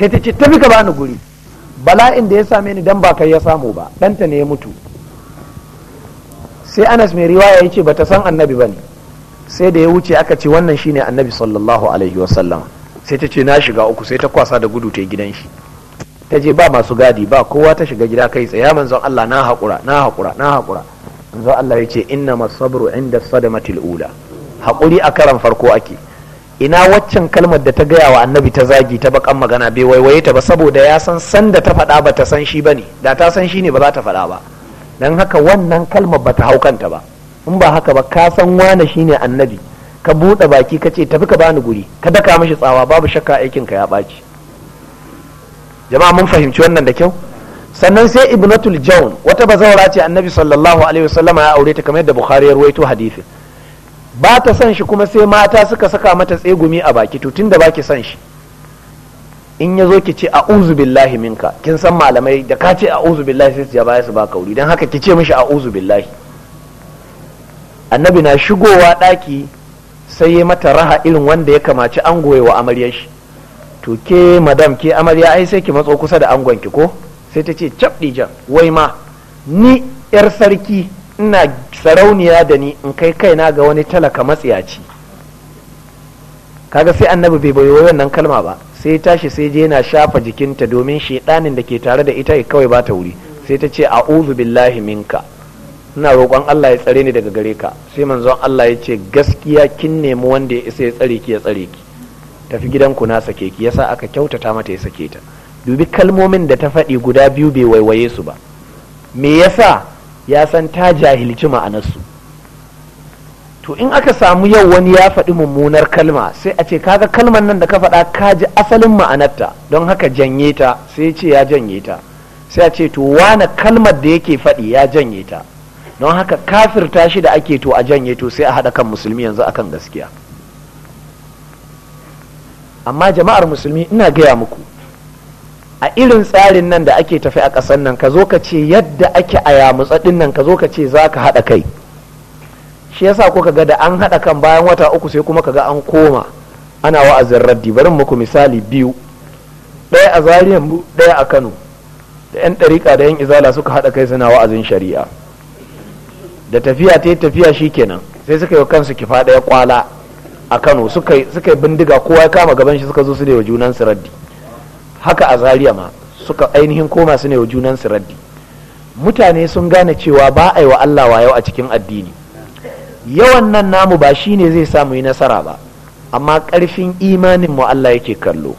sai ta ce tafi ka bani guri bala'in da ya same ni dan ba kai ya samu ba ɗanta ne ya mutu sai anas mai riwaya ya ce bata san annabi bane sai da ya wuce aka ce wannan shine annabi sallallahu alaihi wasallam sai ta ce na shiga uku sai ta kwasa da gudu ta gidan shi ta je ba masu gadi ba kowa ta shiga gida kai tsaye manzon Allah na hakura na hakura na haƙura manzon Allah ya ce inna masabru inda sadamatil ula haƙuri a karan farko ake ina waccan kalmar da ta gaya wa annabi ta zagi ta bakan magana bai waiwaye ta ba saboda ya san san da ta faɗa ba ta san shi bane da ta san shi ne ba za ta faɗa ba dan haka wannan kalmar ba ta hau kanta ba in ba haka ba ka san wane shi ne annabi ka buɗe baki ka ce tafi ka bani guri ka daka mishi tsawa babu shakka aikin ka ya baci jama'a mun fahimci wannan da kyau sannan sai ibnatul jawn wata bazawara ce annabi sallallahu alaihi wasallama ya aure ta kamar yadda bukhari ya ruwaito hadisin ba ta son shi kuma sai mata suka saka mata tsegumi a baki to tunda baki son shi in ya zo ki ce a'udhu billahi minka kin san malamai da ka ce a'udhu billahi sai su ja baya su ba kauri dan haka ki ce mishi a'udhu billahi annabi na shigowa daki sai ya mata raha irin wanda ya kamaci an wa amaryar shi to ke madam ke amarya ai sai ki matso kusa da angon ki ko sai ta ce cap wai ma ni yar sarki ina sarauniya da ni in kai kaina ga wani talaka matsiyaci kaga sai annabi bai bai wannan kalma ba sai tashi sai je yana shafa jikinta domin shedanin da ke tare da ita kawai ba ta wuri sai ta ce a'udhu billahi minka ina roƙon Allah ya tsare ni daga gare ka sai manzon Allah ya ce gaskiya kin nemi wanda ya isa ya tsare ki ya tsare ki tafi gidan ku na sake ki yasa aka kyautata mata ya sake ta dubi kalmomin da ta faɗi guda biyu bai waiwaye su ba me yasa ya san ta jahilci ma'anarsu to in aka samu yau wani ya faɗi mummunar kalma sai a ce kaga kalmar nan da ka faɗa ka ji asalin ma'anarta don haka janye ta sai ce ya janye ta sai a ce to wane kalmar da yake faɗi ya janye ta don haka kafirta shi da ake to a janye to sai a haɗa kan musulmi yanzu akan gaskiya amma jama'ar musulmi ina gaya muku a irin tsarin nan da ake tafi a ƙasar nan ka zo ka ce yadda ake a yamutsa ɗin nan ka zo ka ce za ka haɗa kai shi yasa kuka ga da an haɗa kan bayan wata uku sai kuma ka ga an koma ana wa'azin raddi barin muku misali biyu ɗaya a zariyan mu ɗaya a kano da 'yan ɗariƙa da 'yan izala suka haɗa kai suna wa'azin shari'a da tafiya ta tafiya shi kenan sai suka yi kansu kifa ɗaya kwala a kano suka yi bindiga kowa ya kama gaban shi suka zo su da wa junan su raddi haka a zariya ma suka ainihin koma su ne wa junan su raddi mutane sun gane cewa ba a yi wa Allah wayo a cikin addini yawan nan namu ba shi ne zai samu yi nasara ba amma karfin imanin mu Allah yake kallo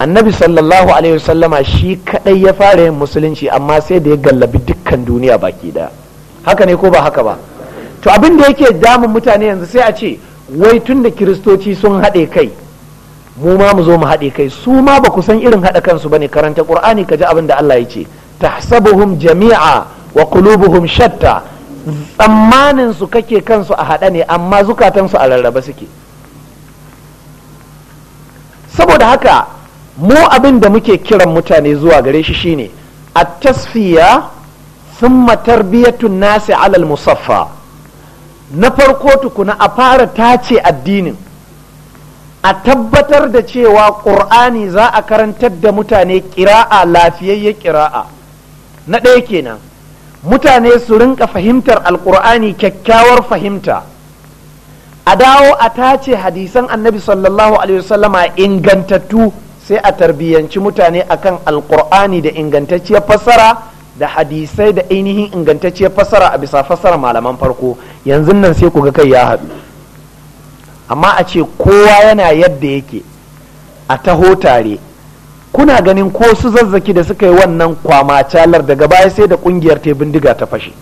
annabi sallallahu alaihi wasallama shi kadai ya fara yin musulunci amma sai da ya gallabi dukkan duniya baki daya haka ne ko ba haka ba to abin da yake damun mutane yanzu sai a ce wai tun da kiristoci sun haɗe kai mu ma mu zo mu haɗe kai su ma ba ku san irin haɗa kansu ba ne karanta qur'ani ka ji abin da Allah ya ce tahsabuhum jami'a wa qulubuhum shatta tsammanin su kake kansu a haɗa ne amma zukatan su a rarraba suke saboda haka mu abin da muke kiran mutane zuwa gare shi shine at-tasfiya thumma tarbiyatu nasi alal musaffa na farko tukuna a fara tace addinin a tabbatar da cewa ƙur'ani za a karantar da mutane ƙira'a lafiyayye ƙira'a na ɗaya kenan mutane su rinka fahimtar alƙur'ani kyakkyawar fahimta a dawo a tace hadisan annabi sallallahu alaihi wasallama ingantattu sai a tarbiyyanci mutane akan alƙur'ani da ingantacciyar fassara da hadisai da ainihin ingantacciyar fassara a bisa fassara malaman farko yanzu nan sai ku ga kai ya haɗu amma a ce kowa yana yadda yake a taho tare kuna ganin ko su zazzaki da suka yi wannan kwama calar daga baya sai da kungiyar ta bindiga ta fashe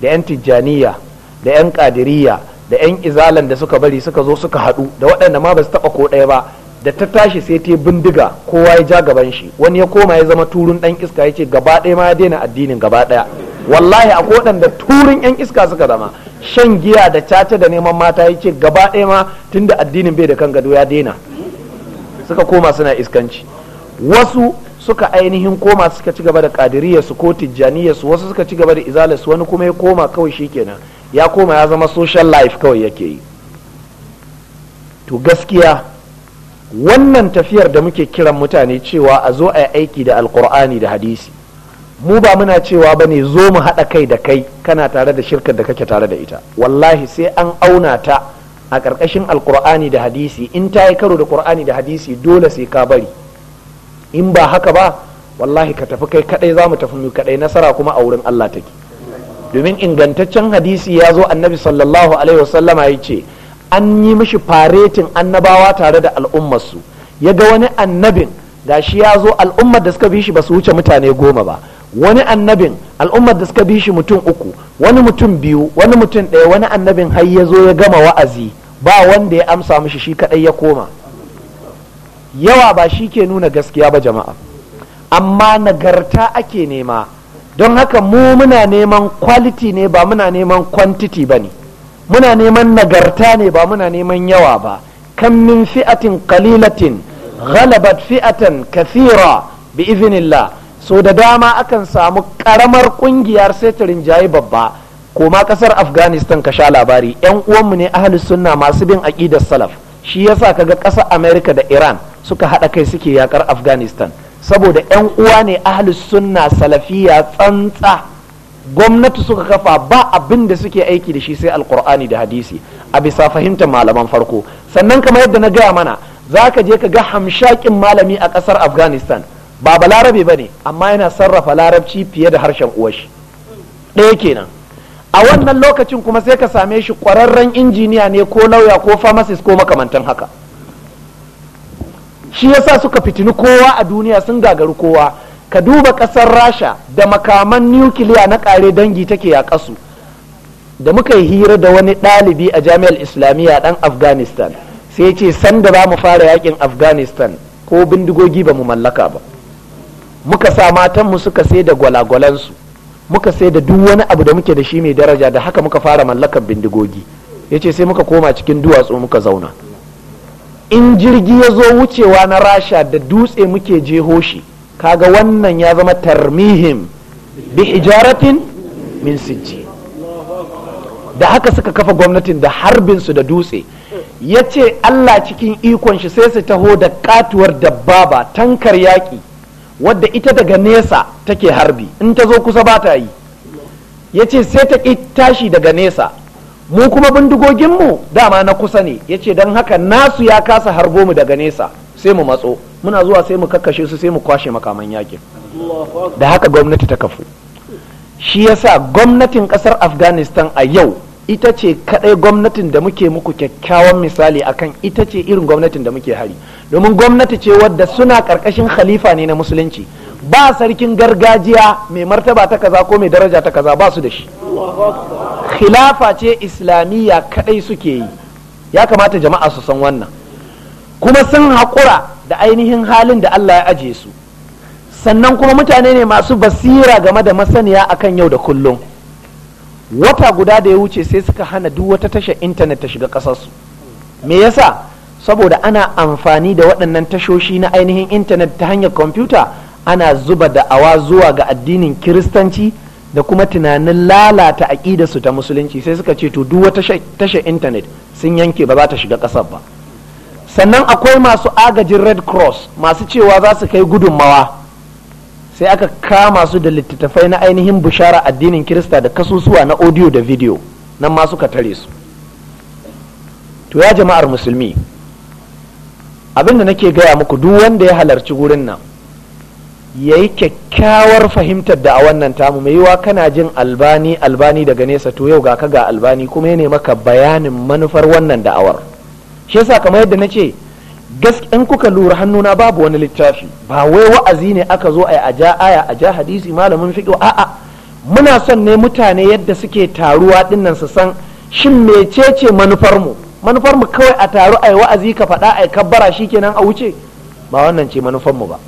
da 'yan tijjaniya da 'yan kadiriya da 'yan izalan da suka bari suka zo suka haɗu da waɗanda ma ba su taɓa ko ɗaya ba da ta tashi sai ta bindiga kowa ya ja gaban shi wani ya koma ya zama turun ɗan iska ya ce gaba ɗaya ma ya daina addinin gaba ɗaya wallahi akwai waɗanda turun 'yan iska suka zama shan giya da caca da neman mata ya ce gaba ɗaya ma tunda addinin bai da kan gado ya daina suka koma suna iskanci wasu suka ainihin koma suka ci gaba da kadiriyar su ko tijjaniyar su wasu suka ci gaba da izalar su wani kuma ya koma kawai kenan ya koma ya zama social life kawai yake yi to gaskiya wannan tafiyar da muke kiran mutane cewa a zo a yi aiki da alkur'ani da hadisi mu ba muna cewa ba ne zo mu haɗa kai da kai kana tare da shirkar da kake tare da ita wallahi sai an auna ta a ƙarƙashin alƙur'ani da hadisi in ta yi karo da ƙur'ani da hadisi dole sai ka bari in ba haka ba wallahi ka tafi kai kaɗai za mu tafi mu kaɗai nasara kuma a wurin Allah take domin ingantaccen hadisi ya zo annabi sallallahu alaihi wasallama ya ce an yi mishi faretin annabawa tare da su, ya ga wani annabin gashi ya zo al'ummar da suka bi shi ba su wuce mutane goma ba wani annabin al'ummar da suka bi shi mutum uku wani mutum biyu wani mutum ɗaya wani annabin har ya zo ya gama wa'azi ba wanda ya amsa mishi shi kaɗai ya koma yawa ba shi ke nuna gaskiya ba jama'a amma nagarta ake nema don haka mu muna neman kwaliti ne ba muna neman kwantiti ba ne muna neman nagarta ne ba muna neman yawa ba kan min fi'atin qalilatin ghalabat fi'atan kathira bi iznillah so da dama akan samu karamar kungiyar sai ta rinjaye babba koma kasar afghanistan ka sha labari yan uwanmu ne ahli sunna masu bin aqidar salaf shi yasa kaga kasar america da iran suka haɗa kai suke yakar afghanistan saboda yan uwa ne ahli sunna salafiya tsantsa gwamnati suka kafa ba abin da suke aiki da shi sai alkur'ani da hadisi a bisa fahimtar malaman farko sannan kamar yadda na gaya mana za ka je ka ga hamshakin malami a kasar afghanistan ba balarabe ba ne amma yana sarrafa larabci fiye da harshen uwashi ɗaya kenan a wannan lokacin kuma sai ka same shi ƙwararren injiniya ne ko lauya ko pharmacist ko makamantan haka shi yasa suka fitini kowa a duniya sun gagaru kowa ka duba ƙasar rasha da makaman nukiliya na ƙare dangi take ya ƙasu da muka yi hira da wani ɗalibi a jami'ar islamiyya ɗan afghanistan sai ce sanda za mu fara yakin afghanistan ko bindigogi ba mu mallaka ba muka sa matanmu suka sai da gwalagwalansu muka sai da duk wani abu da muke da shi mai daraja da haka muka fara mallakar bindigogi ya ce sai muka koma cikin duwatsu muka zauna in jirgi ya zo wucewa na rasha da dutse muke jeho shi kaga wannan ya zama tarmihim bi hijaratin min sijji da haka suka kafa gwamnatin da harbinsu da dutse ya ce allah cikin ikon shi sai su taho da katuwar dabba tankar yaƙi wadda ita daga nesa take harbi in ta zo kusa ba ta yi ya ce sai ta ƙi tashi daga nesa mu kuma bindigoginmu dama na kusa ne ya ce don haka nasu ya kasa harbo mu daga nesa sai mu matso muna zuwa sai mu kakkashe su sai mu kwashe makaman yakin da haka gwamnati ta kafu shi yasa gwamnatin kasar afghanistan a yau ita ce kadai gwamnatin da muke muku kyakkyawan misali akan ita ce irin gwamnatin da muke hari domin gwamnati ce wadda suna karkashin khalifa ne na musulunci ba sarkin gargajiya mai martaba ta kaza ko mai daraja ta kaza ba su da shi khilafa ce islamiyya kadai suke yi ya kamata jama'a su san wannan kuma sun haƙura da ainihin halin da Allah ya ajiye su sannan kuma mutane ne masu basira game da masaniya akan yau da kullum wata guda da ya wuce sai suka hana duk wata tashar intanet ta shiga ƙasarsu me yasa saboda ana amfani da waɗannan tashoshi na ainihin intanet ta hanyar kwamfuta ana zuba da awa zuwa ga addinin kiristanci da kuma tunanin lalata aƙidarsu ta musulunci sai suka ce to duk wata tashar intanet sun yanke ba za ta shiga ƙasar ba sannan akwai masu agajin red cross masu cewa za su kai gudunmawa sai aka kama su da littattafai na ainihin bushara addinin kirista da kasusuwa na audio da video nan ma suka tare su to ya jama'ar musulmi abin da nake gaya muku duk wanda ya halarci wurin nan ya yi kyakkyawar fahimtar da a wannan tamu mai yiwa kana jin albani albani daga nesa to yau ga ka ga albani kuma ya ne maka bayanin manufar wannan da'awar shi yasa kamar yadda nace ce in kuka lura hannuna babu wani littafi ba wai wa'azi ne aka zo a ja aya a ja hadisi malamin fiqh a'a muna son ne mutane yadda suke taruwa dinnan su san shin mecece manufar mu manufar mu kawai a taru ai wa'azi ka faɗa ai kabbara shikenan a wuce ba wannan ce manufar mu ba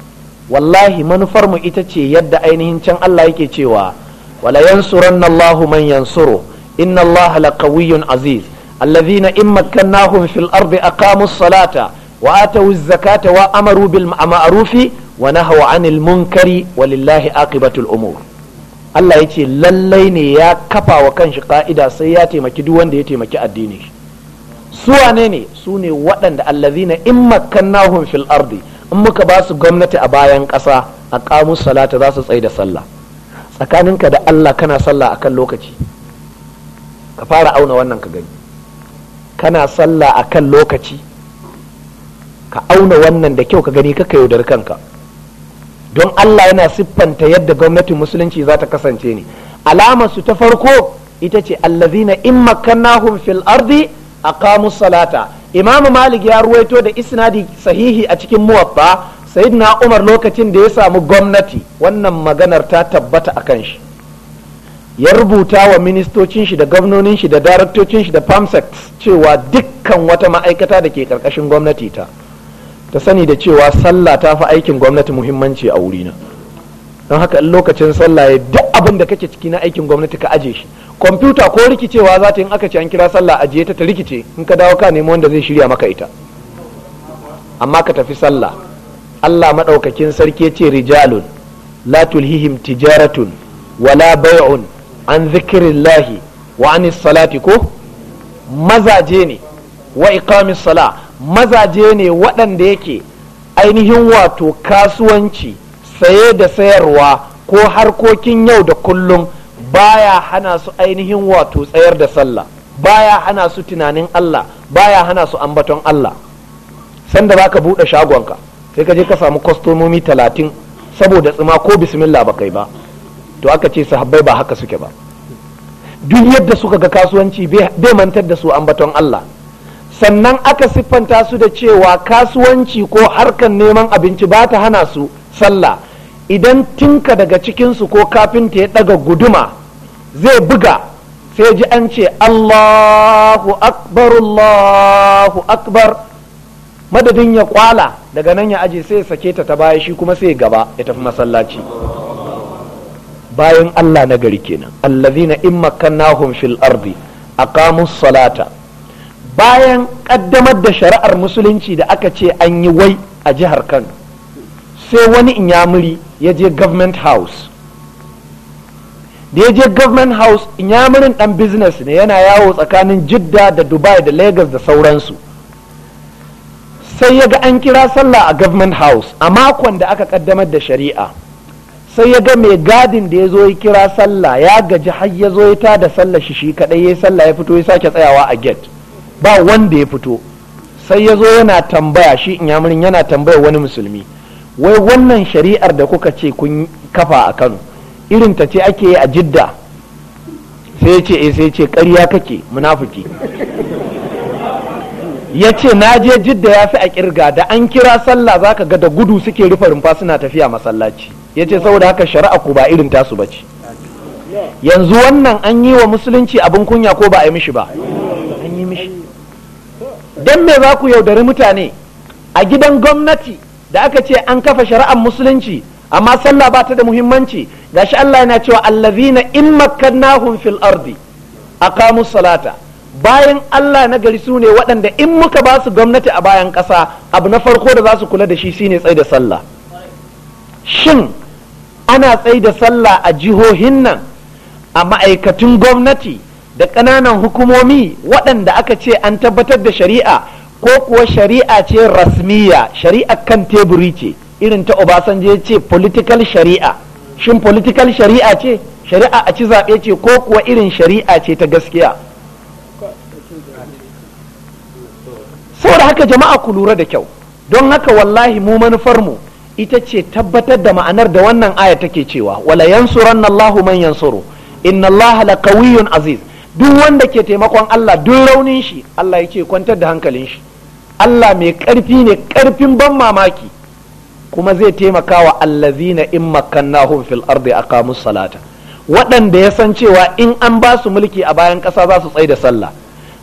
wallahi manufar mu ita ce yadda ainihin can Allah yake cewa wala yansuranna Allahu man yansuru inna Allah laqawiyyun aziz alladhina in makkannahum fil ardi aqamus salata wa atawuz zakata wa amaru bil ma'rufi wa nahaw 'anil munkari walillahi aqibatul umur Allah ya ce lallai ne ya kafa wa kanshi ka'ida sai ya taimaki duk wanda ya taimaki addinin shi su wane ne su ne waɗanda na in makannahun fil ardi in muka ba su gwamnati a bayan ƙasa a ƙamus salata za su tsaye da sallah tsakaninka da Allah kana sallah a kan lokaci ka fara auna wannan ka gani kana sallah a kan lokaci ka auna wannan da kyau ka gani ka yaudar kanka don Allah yana siffanta yadda gwamnatin musulunci za ta kasance ne alamarsu ta farko ita ce allazina in makannahun fil ardi aqamu salata imamu malik ya ruwaito da isnadi sahihi a cikin muwaffa sayyidina umar lokacin da ya samu gwamnati wannan maganar ta tabbata a kan shi ya rubuta wa ministocin shi da gwamnonin shi da daraktocin shi da pamsex cewa dukkan wata ma'aikata da ke karkashin gwamnati ta ta sani da cewa sallah ta fi aikin gwamnati muhimmanci a wurina don haka lokacin sallah ya duk abin da kake ciki na aikin gwamnati ka aje shi kwamfuta ko rikicewa za ta in aka ce an kira sallah ajiye ta ta rikice in ka dawo ka nemi wanda zai shirya maka ita amma ka tafi sallah Allah maɗaukakin sarki ce rijalun la tulhihim tijaratun wala bay'un an zikirillahi wa an salati ko mazaje ne wa iqamis sala mazaje ne waɗanda yake ainihin wato kasuwanci saye da sayarwa ko harkokin yau da kullum baya hana su ainihin wato tsayar da sallah baya hana su tunanin Allah baya hana su ambaton Allah sanda zaka buɗe shagonka sai ka je ka samu kwastomomi talatin saboda tsima ko bismillah ba kai ba to aka ce sahabbai ba haka suke ba duk yadda suka ga kasuwanci bai mantar da su ambaton Allah sannan aka siffanta su da cewa kasuwanci ko harkar neman abinci ba ta hana su sallah idan tinka daga cikinsu ko kafinta ya daga guduma zai buga sai ji an ce Allahu akbar Allahu akbar madadin ya kwala daga nan ya aje sai ya sake ta ta baya shi kuma sai gaba ya tafi masallaci bayan Allah na gari kenan allazina in makkannahum fil ardi aqamus salata bayan kaddamar da shari'ar musulunci da aka ce an yi wai a jihar Kano sai wani inyamuri ya je government house da ya je government house inyamurin dan business ne yana yawo tsakanin jidda da dubai da lagos da sauransu sai ya ga an kira sallah a government house a makon da aka kaddamar da shari'a sai ya ga mai gadin da ya zo ya kira sallah ya gaji har ya zo ya ta da sallah shi shi kadai ya sallah ya fito ya sake tsayawa a gate ba wanda ya fito sai ya zo yana tambaya shi yamurin yana tambaya wani musulmi wai wannan shari'ar da kuka ce kun kafa a kano irin ta ce ake yi a jidda sai ce e sai ce ƙarya kake munafuki ya ce na je jidda ya fi a kirga da an kira sallah za ka ga da gudu suke rufe rumfa suna tafiya masallaci ya ce saboda haka shari'a ku ba irin tasu ba ce yanzu wannan an yi wa musulunci abin kunya ko ba a yi mishi ba an yi mishi don me za ku yaudari mutane a gidan gwamnati da aka ce an kafa shari'ar musulunci amma sallah ba ta da muhimmanci gashi Allah yana cewa allazina in makkannahum fil ardi aqamu salata bayan Allah na gari su ne waɗanda in muka ba su gwamnati a bayan ƙasa abu na farko da za su kula da shi shine tsai da sallah shin ana tsaida da sallah a jihohin nan a ma'aikatun gwamnati da ƙananan hukumomi waɗanda aka ce an tabbatar da shari'a ko kuwa shari'a ce rasmiya shari'a kan teburi ce irin ta obasanjo ya ce political shari'a shin political shari'a ce shari'a a ci zaɓe ce ko kuwa irin shari'a ce ta gaskiya saboda haka jama'a ku lura da kyau don haka wallahi mu manufarmu ita ce tabbatar da ma'anar da wannan aya take cewa wala yansuranna Allahu man yansuru inna Allah la aziz duk wanda ke taimakon Allah duk raunin shi Allah yake kwantar da hankalin shi Allah mai ƙarfi ne ƙarfin ban mamaki kuma zai taimaka wa allazina in makkannahum fil ardi aqamus salata waɗanda ya san cewa in an ba su mulki a bayan ƙasa za su tsaye da sallah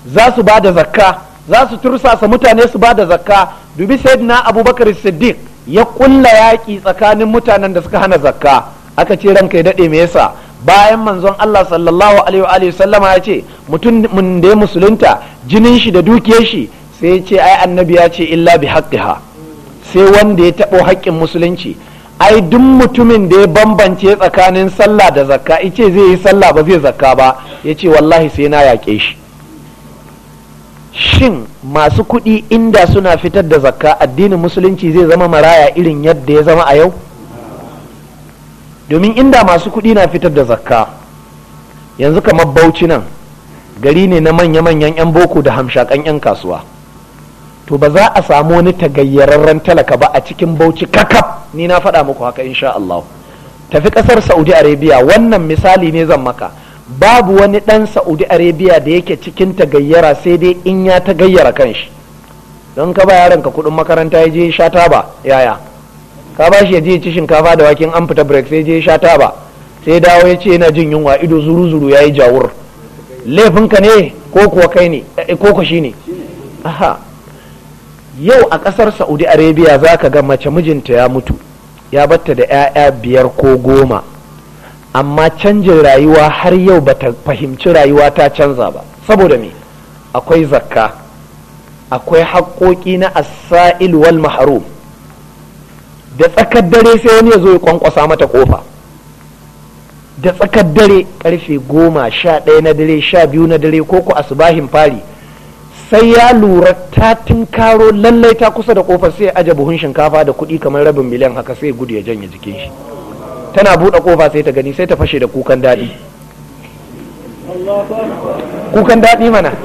za su ba da zakka za su tursasa mutane su ba da zakka dubi sayyidina abubakar siddiq ya kulla yaƙi tsakanin mutanen da suka hana zakka aka ce ranka kai daɗe me yasa bayan manzon Allah sallallahu alaihi wa sallama ya ce mutum da ya musulunta jinin shi da dukiyar shi sai ya ce ai annabi ya ce illa bi haqqiha sai wanda ya taɓo haƙƙin musulunci ai duk mutumin da ya bambance tsakanin sallah da zakka ice zai yi sallah ba zai zakka ba ya ce wallahi sai na yaƙe shi shin masu kuɗi inda suna fitar da zakka addinin musulunci zai zama maraya irin yadda ya zama a yau domin inda masu kuɗi na fitar da zakka yanzu kamar bauchi nan gari ne na manya-manyan 'yan boko da hamshakan 'yan kasuwa to ba za a samu wani tagayyararren talaka ba a cikin bauchi kakaf ni na faɗa muku haka insha Allah tafi ƙasar Saudi Arabia wannan misali ne zan maka babu wani ɗan Saudi Arabia da yake cikin tagayyara sai dai in ya tagayyara kanshi don ka ba yaron ka kuɗin makaranta ya je sha taba yaya ka ba shi ya je ci shinkafa da wakin an fita break sai je sha taba sai dawo ya ce yana jin yunwa ido zuru zuru yayi jawur laifinka ne ko kuwa kai ne eh, ko ku shine aha yau a ƙasar saudi arabia za ka ga mace mijinta ya mutu ya batta da 'ya'ya biyar ko goma amma canjin rayuwa har yau ba ta fahimci rayuwa ta canza ba saboda me akwai zakka akwai haƙoƙi na asa'il wal maharum da tsakar dare sai wani ya zo ya kwankwasa mata ƙofa, da tsakar dare ƙarfe goma sha ɗaya na dare sha biyu na dare ko ku asubahin fari sai ya lura ta tinkaro lallai ta kusa da kofar sai aje buhun shinkafa da kuɗi kamar rabin miliyan haka sai gudu ya janye jikin shi tana buɗe kofa sai ta gani sai ta fashe da kukan daɗi kukan daɗi mana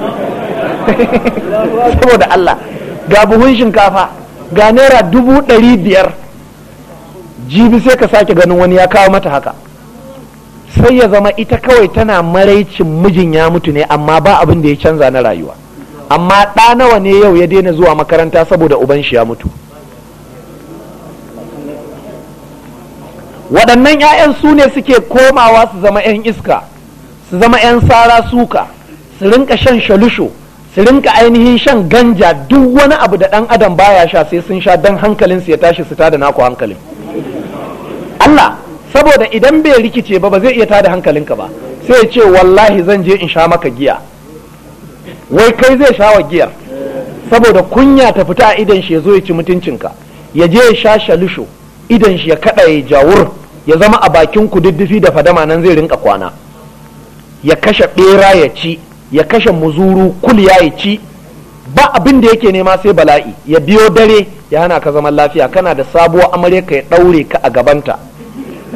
saboda Allah ga buhun shinkafa ga naira dubu ɗari biyar jibi sai ka sake ganin wani ya kawo mata haka sai ya zama ita kawai tana maraicin mijin ya mutu ne amma ba abin da ya canza na rayuwa amma ɗa nawa ne yau ya daina zuwa makaranta saboda uban shi ya mutu waɗannan 'ya'yan su ne suke komawa su zama 'yan iska su zama 'yan sara suka su rinka shan shalusho su rinka ainihin shan ganja duk wani abu da ɗan adam baya sha sai sun sha don hankalinsu ya tashi su tada naku hankalin Allah saboda idan bai rikice ba ba zai iya tada hankalinka ba sai ya ce wallahi zan je in sha maka giya wai kai zai sha wa giyar saboda kunya ta fita a idan shi ya zo ya ci mutuncinka ya je ya sha shalisho idan shi ya kada ya jawur ya zama a bakin ku diddifi da fadama nan zai rinka kwana ya kashe bera ya ci ya kashe muzuru kul ya ci ba abin da yake nema sai bala'i ya biyo dare ya hana ka zaman lafiya kana da sabuwar amarya ka ya daure ka a gabanta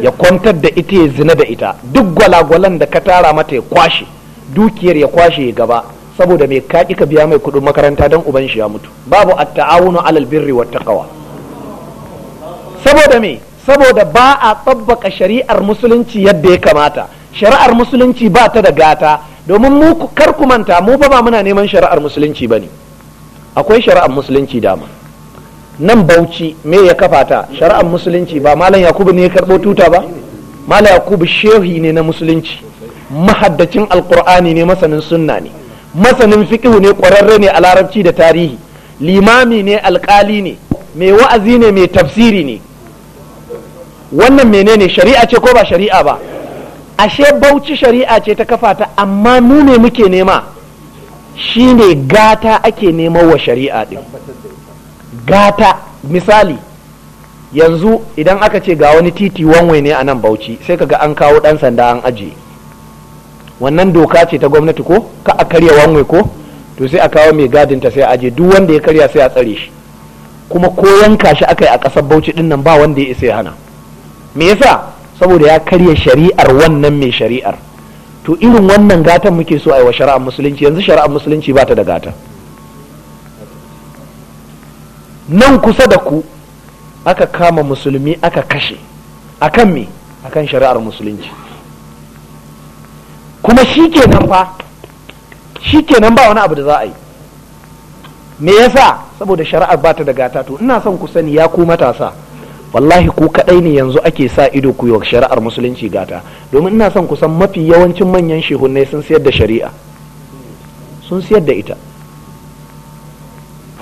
ya kwantar da ita ya zina da ita duk gwalagwalan da ka tara mata ya kwashe dukiyar ya kwashe ya gaba saboda mai kaƙi ka biya mai kuɗin makaranta don uban shi ya mutu babu at-ta'awunu alal birri wat taqwa saboda me saboda ba a tsabbaka shari'ar musulunci yadda ya kamata shari'ar musulunci ba ta da gata domin mu kar ku manta mu ba ba muna neman shari'ar musulunci bane akwai shari'ar musulunci dama nan bauchi me ya kafa ta shari'ar musulunci ba malam yakubu ne ya karɓo tuta ba malam yakubu shehi ne na musulunci mahaddacin alkur'ani ne masanin sunna ne masanin fiƙihu ne ƙwararre ne a larabci da tarihi limami ne alƙali ne mai wa'azi ne mai tafsiri ne wannan menene shari'a ce ko ba shari'a ba ashe bauchi shari'a ce ta kafa ta amma mu ne muke nema shine gata ake nema wa shari'a din gata misali yanzu idan aka ce ga wani titi wanwai ne a nan bauchi sai kaga an kawo ɗan sanda an ajiye wannan doka ce ta gwamnati ko ka a karya wanwe ko to sai a kawo mai gadin ta sai a aje duk wanda ya karya sai a tsare shi kuma ko yanka shi akai a kasar Bauchi din nan ba wanda ya isa ya hana me yasa saboda ya karya shari'ar wannan mai shari'ar to irin wannan gatan muke so a yi wa shari'ar musulunci yanzu shari'ar musulunci ba ta da gata nan kusa da ku aka kama musulmi aka kashe akan me akan shari'ar musulunci kuma shi kenan fa shi kenan ba wani abu da za a yi me yasa saboda shari'ar ba ta da gata to ina son ku sani ya ku matasa wallahi ku kadai ne yanzu ake sa ido ku yi shari'ar musulunci gata domin ina son ku san mafi yawancin manyan shehunai sun siyar da shari'a sun siyar da ita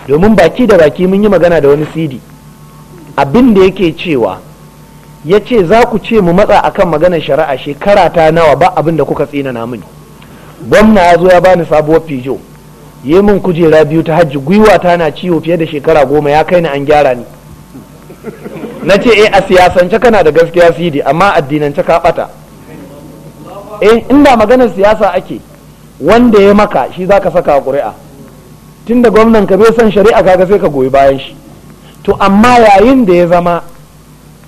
domin baki da baki mun yi magana da wani sidi abin da yake cewa ya ce za ku ce mu matsa a kan maganar shari'a shekara ta nawa ba abin da kuka tsinana mini gwamna ya zo ya bani sabuwar fijo yi min kujera biyu ta hajji gwiwa ta na ciwo fiye da shekara goma ya kai ni an gyara ni na ce eh a siyasance kana da gaskiya sidi amma addinance ka bata eh inda maganar siyasa ake wanda ya maka shi za ka saka ƙuri'a tunda gwamnan ka bai son shari'a kaga sai ka goyi bayan shi to amma yayin da ya zama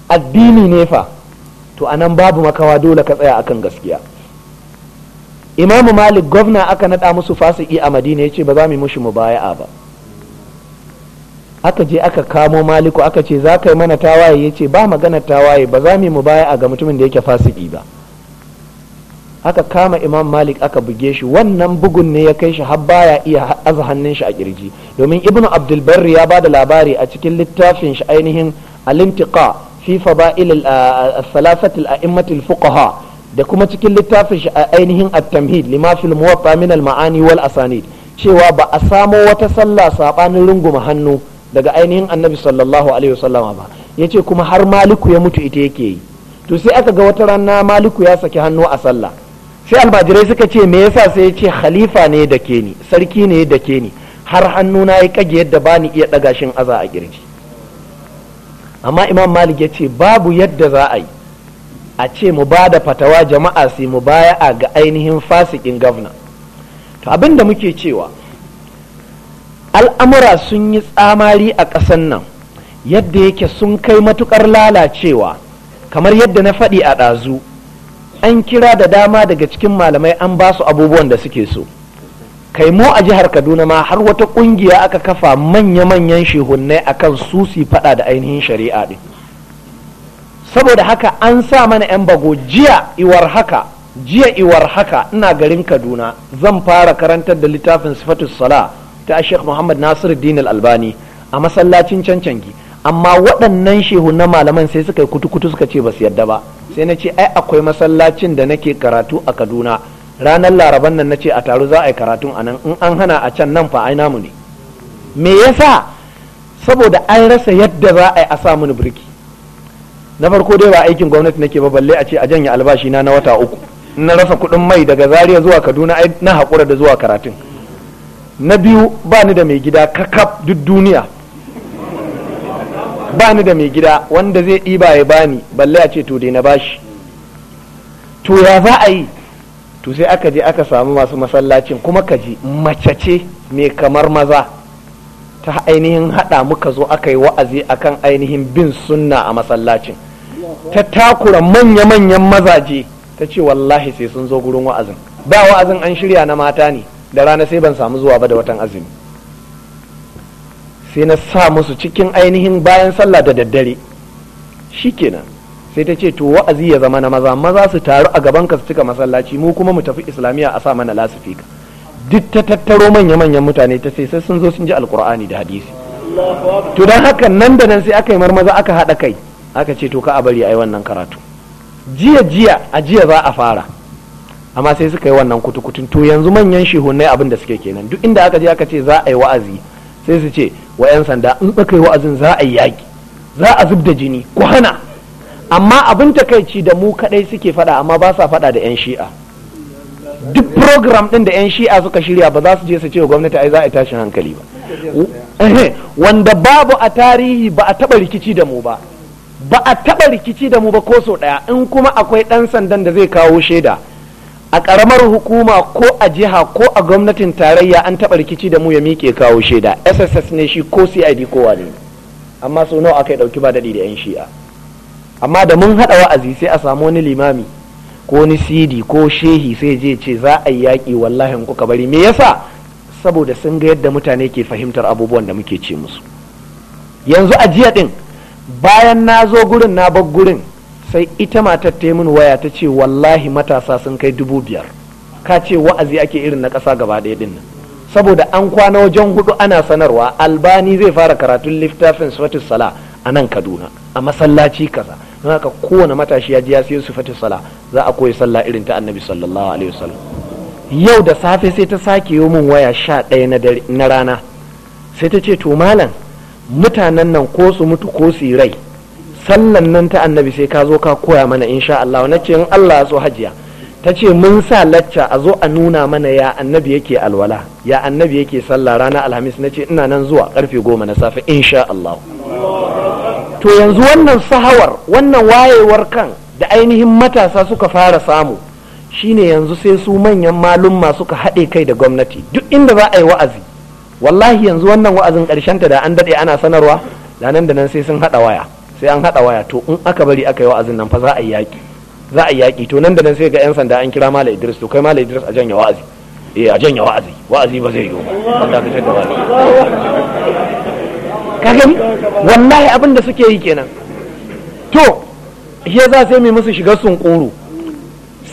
addini ne fa to anan babu makawa dole ka tsaya akan gaskiya imamu malik gwamna aka naɗa musu fasiki a madina ya ce ba za mu mushi a ba aka je aka kamo maliku aka ce za ka yi mana tawaye ya ce ba magana tawaye ba za mu mubaya'a ga mutumin da yake fasiki ba aka kama imam malik aka buge shi wannan bugun ne ya kai shi har baya iya aza hannun shi a kirji domin ibnu abdulbarri ya ba da labari a cikin littafin shi ainihin alintiqa fi fada'il al-thalathati al al-fuqaha da kuma cikin littafin shi a ainihin at-tamhid lima fil muwatta min al-ma'ani wal asanid cewa ba a samo wata sallah sabanin runguma hannu daga ainihin annabi sallallahu alaihi wasallama ba yace kuma har maliku ya mutu ita yake yi to sai aka ga wata rana maliku ya saki hannu a sallah sai almajirai suka ce me yasa sai ya ce khalifa ne da ke ni sarki ne da ke ni har hannuna ya kage yadda bani iya daga shin aza a kirji amma imam malik ya ce babu yadda za a yi a ce mu ba da fatawa jama'a su mu baya a ga ainihin fasikin gwamna to abin da muke cewa al'amura sun yi tsamari a ƙasan nan yadda yake sun kai matukar lalacewa kamar yadda na faɗi a ɗazu an kira da dama daga cikin malamai an ba su abubuwan da suke so kai mu a jihar kaduna ma har wata kungiya aka kafa manya-manyan shehunnai akan su su fada da ainihin shari'a ɗin saboda haka an sa mana 'yan bago jiya iwar haka jiya iwar haka ina garin kaduna zan fara karantar da littafin sifatus sala ta sheikh muhammad nasir din albani a masallacin cancangi amma waɗannan shehu na malaman sai suka yi kutu-kutu suka ce ba su yadda ba sai na ce ai akwai masallacin da nake karatu a kaduna ranar laraban nan na ce a taru za a yi karatun anan in an hana a can nan fa ai namu ne me yasa saboda an rasa yadda za a yi a sa mini birki na farko dai ba aikin gwamnati nake ba balle a ce a janye albashi na na wata uku na rasa kuɗin mai daga zaria zuwa kaduna ai na haƙura da zuwa karatun na biyu ba ni da mai gida kakaf duk duniya ba ni da mai gida wanda zai ɗiba ya bani balle a ce to dai na bashi to ya za a yi to sai aka je aka samu masu masallacin kuma ka ji mace ce mai kamar maza ta ainihin haɗa muka zo aka yi wa'azi akan ainihin bin sunna a masallacin ta takura manya-manyan mazaje ta ce wallahi sai sun zo gurin wa'azin ba wa'azin an shirya na mata ne da rana sai ban samu zuwa ba da watan azumi sai na sa musu cikin ainihin bayan sallah da daddare shi shikenan sai ta ce to wa'azi ya zama na maza maza su taru a gaban ka su cika masallaci mu kuma mu tafi islamiyya a sa mana lasifika duk ta tattaro manya-manyan mutane ta sai sun zo sun ji alkur'ani da hadisi to dan haka nan da nan sai aka yi marmaza aka haɗa kai aka ce to ka a bari ai wannan karatu jiya jiya a jiya za a fara amma sai suka yi wannan kutukutun to yanzu manyan shehunai abin da suke kenan duk inda aka je aka ce za a yi wa'azi sai su ce wa sanda in tsakai wa'azin za a yi yaƙi za a zub da jini ku hana amma abin takaici da mu kadai suke fada amma ba sa fada da 'yan shi'a duk program din da 'yan shi'a suka shirya ba za su je su ce wa gwamnati ai za a tashin hankali ba wanda babu a tarihi ba a taba rikici da mu ba ba a taba rikici da mu ba ko so daya in kuma akwai dan sandan da zai kawo shaida a karamar hukuma ko a jiha ko a gwamnatin tarayya an taba rikici da mu ya mike kawo shaida sss ne shi ko cid ko wane amma so nawa aka dauki ba dadi da 'yan shi'a amma da mun haɗa wa'azi sai a samu wani limami ko ni sidi ko shehi sai je ce za a yi yaƙi wallahi kuka bari me yasa saboda sun ga yadda mutane ke fahimtar abubuwan da muke ce musu yanzu a jiya din bayan na zo gurin na bar gurin sai ita matar ta min waya ta ce wallahi matasa sun kai dubu biyar ka ce wa'azi ake irin na ƙasa gaba ɗaya din saboda an kwana wajen hudu ana sanarwa albani zai fara karatun littafin suratul sala a nan kaduna a masallaci kaza don haka kowane matashi ya ji ya su fata sala za a koyi sallah irin ta annabi sallallahu alaihi wasallam yau da safe sai ta sake yi min waya sha ɗaya na rana sai ta ce to malam mutanen nan ko su mutu ko su rai sallan nan ta annabi sai ka zo ka koya mana insha Allah na ce in Allah ya so hajiya ta ce mun sa lacca a zo a nuna mana ya annabi yake alwala ya annabi yake sallah ranar alhamis na ce ina nan zuwa karfe goma na safe insha Allah to yanzu wannan sahawar wannan wayewar kan da ainihin matasa suka fara samu shine yanzu sai su manyan malumma suka haɗe kai da gwamnati duk inda za a yi wa'azi wallahi yanzu wannan wa'azin karshen ta da an daɗe ana sanarwa da nan da nan sai sun haɗa waya sai an haɗa waya to in aka bari aka yi wa'azin nan fa za a yi yaƙi za a yaƙi to nan da nan sai ga 'yan sanda an kira mala idris to kai mala idris a janya wa'azi eh a janya wa'azi wa'azi ba zai yi ba da ka da wa'azi ka gani wallahi abin da suke yi kenan to ya za sai mai musu shiga sun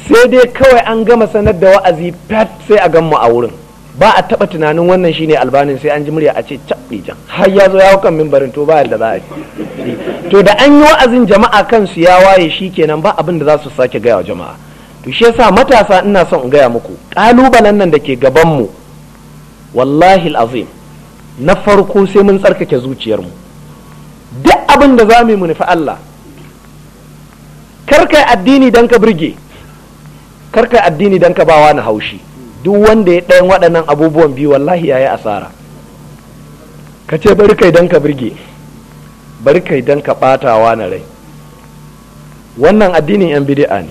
sai dai kawai an gama sanar da wa'azi pat sai a gan mu a wurin ba a taba tunanin wannan shine albanin sai an ji murya a ce cabbi jan har ya zo ya kan mimbarin to ba yadda za a yi to da an yi wa'azin jama'a kan su ya waye shi kenan ba abin da za su sake gaya wa jama'a to shi yasa matasa ina son in gaya muku kalubalen nan da ke gaban mu wallahi azim na farko sai mun tsarkake zuciyar mu duk abin da za mu nufi Allah karkai addini dan ka birge karkai addini dan ka bawa na haushi duk wanda ya ɗayan waɗannan abubuwan biyu wallahi ya yi asara ka ce bari kai don ka birge bari kai don ka ɓatawa na rai wannan addinin yan bidi'a ne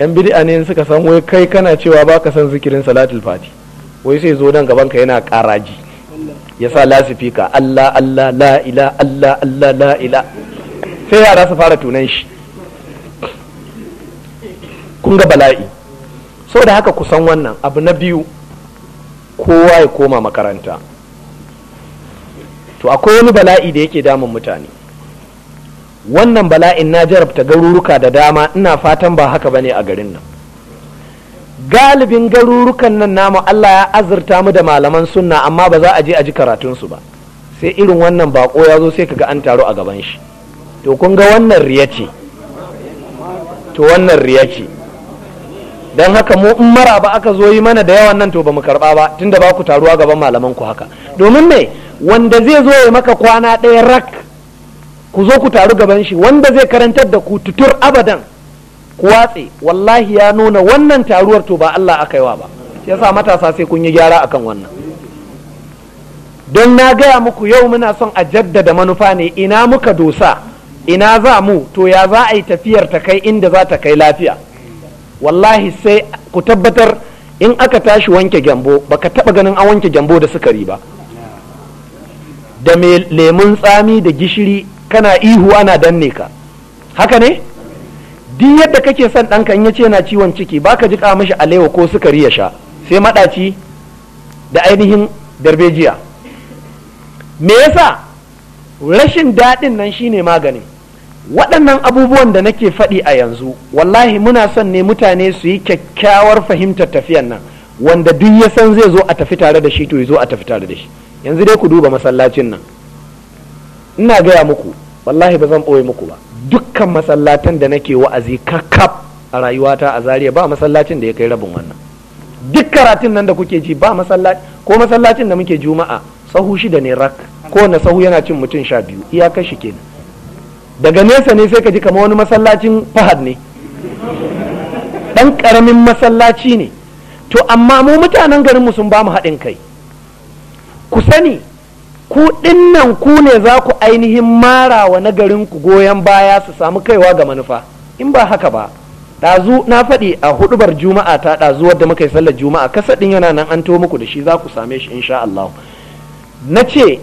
yan bidi'a ne suka san wai kai kana cewa ba ka san zikirin salatul fati wai sai zo nan gaban ka yana karaji ya sa lasifika allah allah la allah allah la sai yara su fara tunan shi kun ga bala'i so da haka kusan wannan abu na biyu kowa ya koma makaranta to akwai wani bala'i da yake damun mutane wannan bala'in na jarabta garuruka da dama ina fatan ba haka ba ne a garin nan galibin garurukan nan namu Allah ya azurta mu da malaman sunna amma ba za a je a ji karatunsu ba sai irin wannan bako ya zo sai kaga an taro a gaban shi to kun ga wannan riya ce to wannan riya ce don haka mu in mara ba aka zo yi mana da yawan nan to ba mu karba ba tunda ba ku taruwa gaban malaman ku haka domin me wanda zai zo ya maka kwana ɗaya rak ku zo ku taru gaban shi wanda zai karantar da ku tutur abadan ku watse wallahi ya nuna wannan taruwar to ba Allah aka yi wa ba yasa matasa sai kun yi gyara akan wannan don na gaya muku yau muna son a jaddada manufa ne ina muka dosa ina za mu to ya za a yi tafiyar ta kai inda za ta kai lafiya wallahi sai ku tabbatar in aka tashi wanke gyambo baka taba ganin an wanke gyambo da sukari ba da mai lemun tsami da gishiri kana ihu ana danne ka haka ne duk yadda kake son ɗanka in ya ce na ciwon ciki baka jiƙa mashi alewa ko sukari ya sha sai maɗaci da ainihin darbejiya me yasa rashin daɗin nan shine maganin waɗannan abubuwan da nake faɗi a yanzu wallahi muna son ne mutane su yi kyakkyawar fahimtar tafiyan nan wanda duk ya san zai zo a tafi tare da shi to ya zo a tafi tare da shi yanzu dai ku duba masallacin nan ina gaya muku wallahi ba zan ɓoye muku ba dukkan masallatan da nake wa'azi kakaf a rayuwata a zariya ba masallacin da ya kai rabin wannan duk karatun nan da kuke ji ba masallaci ko masallacin da muke juma'a sahu shida ne rak ko na sahu yana cin mutum sha biyu iya kashi kenan daga nesa ne sai ka ji kama wani masallacin fahad ne ɗan ƙaramin masallaci ne to amma mu mutanen garin mu sun ba mu haɗin kai ku sani ku ɗinnan ku ne za ku ainihin marawa na ku goyon baya su samu kaiwa ga manufa in ba haka ba ɗazu na faɗi a hudubar juma'a ta ɗazu wadda muka yi sallar juma'a kasa ɗin yana nan an to muku da shi za ku same shi insha Allah na ce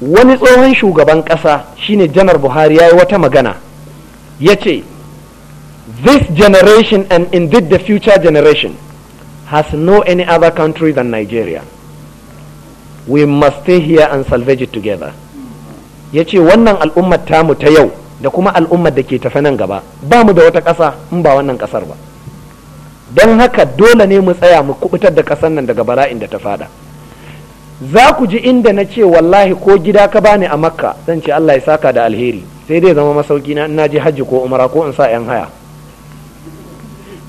wani tsohon shugaban ƙasa shine janar buhari ya yi wata magana ya ce this generation and indeed the future generation has no any other country than nigeria we must stay here and salvage it together ya ce wannan al'ummar tamu ta yau da kuma al'ummar da ke tafe nan gaba ba mu da wata ƙasa in ba wannan ƙasar ba don haka dole ne mu tsaya mu kubutar da ƙasar nan daga bala'in da ta fada za ku ji inda na ce wallahi ko gida ka bani a makka zan ce allah ya saka da alheri sai dai zama masauki na ina ji hajji ko umara ko in sa yan haya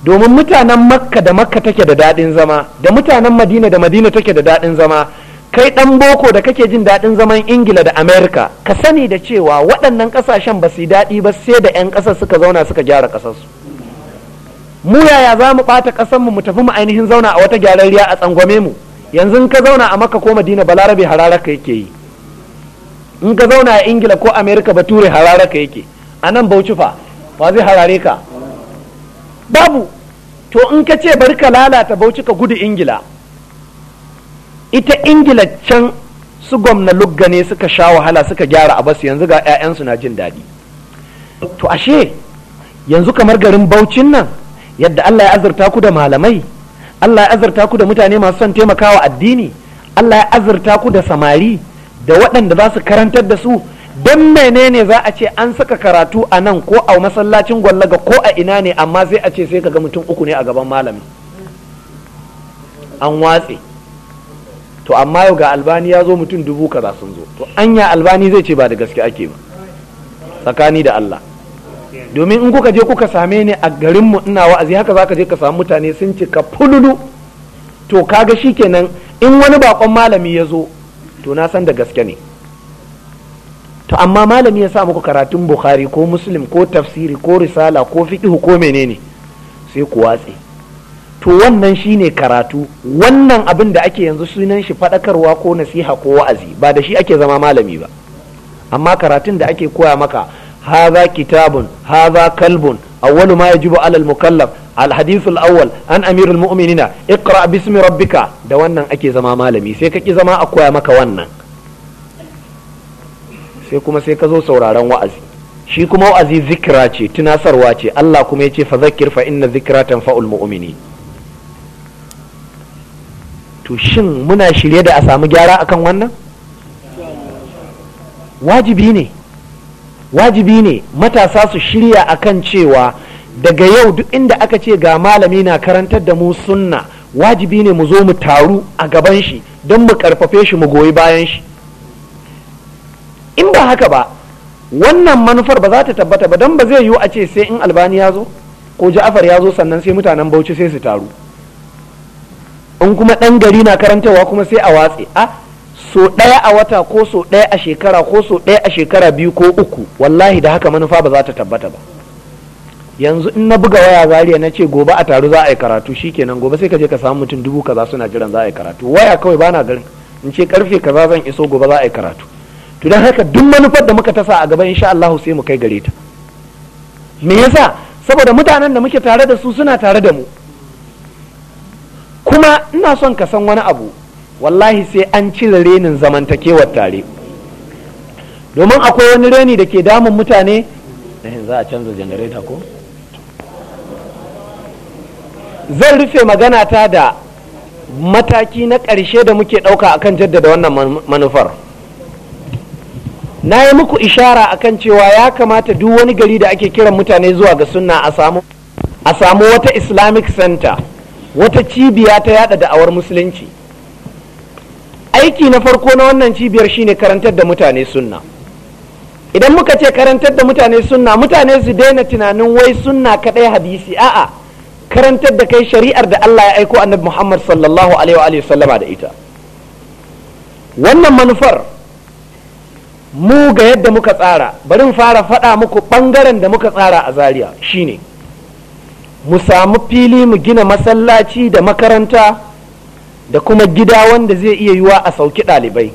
domin mutanen makka da makka take da daɗin zama da mutanen madina da madina take da daɗin zama kai ɗan boko da kake jin daɗin zaman ingila da amerika ka sani da cewa waɗannan ƙasashen ba su yi daɗi ba sai da 'yan ƙasar suka zauna suka gyara ƙasarsu mu yaya za mu ɓata ƙasarmu mu tafi mu ainihin zauna a wata gyararriya a tsangwame mu yanzu ka zauna a maka ko madina balarabe hararaka yake yi in ka zauna a ingila ko amerika bature hararaka yake a nan bauchi fa ba zai harare ka babu to in ka ce bari ka lalata bauchi ka gudu ingila ita ingila can su gwamna lugga ne suka sha wahala suka gyara a basu yanzu ga 'ya'yansu na jin daɗi to ashe yanzu kamar garin baucin nan yadda allah ya azurta ku da malamai Allah ya azurta ku da mutane masu son taimakawa addini Allah ya azurta ku da samari da waɗanda za su karantar da su don menene za a ce an saka karatu a nan ko a masallacin gwallaga ko a ina ne amma sai a ce sai ka ga mutum uku ne a gaban malami an watse to amma yau ga albani ya zo mutum dubu kaza sun zo to anya albani zai ce ba da gaske ake ba tsakani da Allah domin in kuka je kuka same ni a garinmu ina wa'azi haka za ka je ka samu mutane sun cika fululu to kaga shikenan in wani bakon malami ya zo to na san da gaske ne to amma malami ya sa muku karatun bukhari ko muslim ko tafsiri ko risala ko fiqhu ko menene sai ku watse to wannan shine karatu wannan abin da ake yanzu sunan shi faɗakarwa ko nasiha ko wa'azi ba da shi ake zama malami ba amma karatun da ake koya maka هذا كتاب هذا كلب أول ما يجب على المكلف الحديث الأول أن أمير المؤمنين اقرأ باسم ربك da wannan ake zama malami sai kake zama a koya maka wannan sai kuma sai ka zo sauraron wa'azi shi kuma wa'azi zikira ce tunasarwa ce Allah kuma ya ce fa zakir fa inna zikra tanfa'ul mu'mini to shin muna shirya da a samu gyara akan wannan wajibi ne wajibi ne matasa su shirya akan cewa daga yau duk inda aka ce ga malami na karantar da mu sunna wajibi ne mu zo mu taru a gaban shi don mu karfafe shi mu goyi bayan shi in ba haka ba wannan manufar ba za ta tabbata ba don ba zai yiwu a ce sai in albani ya zo ko ja'afar ya zo sannan sai mutanen bauchi sai su taru in kuma ɗan gari na karantarwa kuma sai a watse a ah, so ɗaya a wata ko so ɗaya a shekara ko so ɗaya a shekara biyu ko uku wallahi da haka manufa ba za ta tabbata ba yanzu in na buga waya zariya na ce gobe a taru za a yi karatu shikenan gobe sai ka je ka samu mutum dubu kaza suna jiran za a yi karatu waya kawai bana garin in ce karfe kaza zan iso gobe za a yi karatu to dan haka duk manufar da muka tasa a gaba insha Allah sai mu kai gare ta me yasa saboda mutanen da muke tare da su suna tare da mu kuma ina son ka san wani abu wallahi sai an cire renin zamantakewar tare domin akwai wani reni da ke damun mutane eh, za a canza janareta ko zan rufe magana ta da mataki na ƙarshe da muke ɗauka akan jaddada wannan manufar na yi muku ishara a kan cewa ya kamata duk wani gari da ake kiran mutane zuwa ga sunna a samu wata islamic center wata cibiya ta yada da'awar musulunci aiki na farko na wannan cibiyar shine karantar da mutane sunna idan muka ce karantar da mutane sunna mutane su daina tunanin wai sunna kadai hadisi a'a karantar da kai shari'ar da Allah ya aiko annabi Muhammad sallallahu alaihi wa sallama da ita wannan manufar mu ga yadda muka tsara bari mu fara faɗa muku ɓangaren da muka tsara a zaria shine mu samu fili mu gina masallaci da makaranta da kuma gida wanda zai iya yiwa a sauki ɗalibai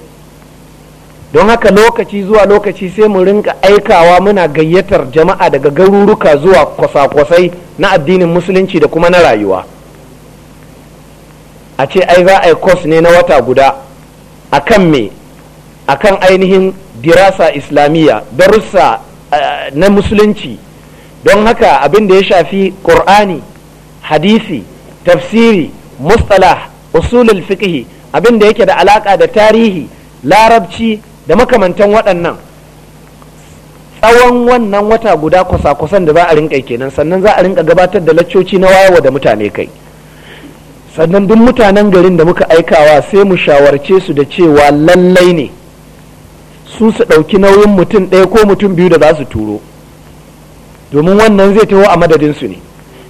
don haka lokaci zuwa lokaci sai mu rinka aikawa muna gayyatar jama'a daga garuruka zuwa kwasa-kwasai na addinin musulunci da kuma na rayuwa a ce ai za a yi kwas ne na wata guda a kan me a kan ainihin dirasa islamiyya darussa eh, na musulunci don haka abin da ya shafi ƙur'ani hadisi tafsiri mustalah usulul fiqhi abin da yake da alaka da tarihi larabci da makamantan waɗannan tsawon wannan wata guda kusa-kusan da za a rinka kenan sannan za a rinka gabatar da laccoci na wayewa da mutane kai sannan duk mutanen garin da muka aikawa sai mu shawarce su da cewa lallai ne su su ɗauki nauyin mutum ɗaya ko mutum biyu da za su turo domin wannan zai taho a madadinsu ne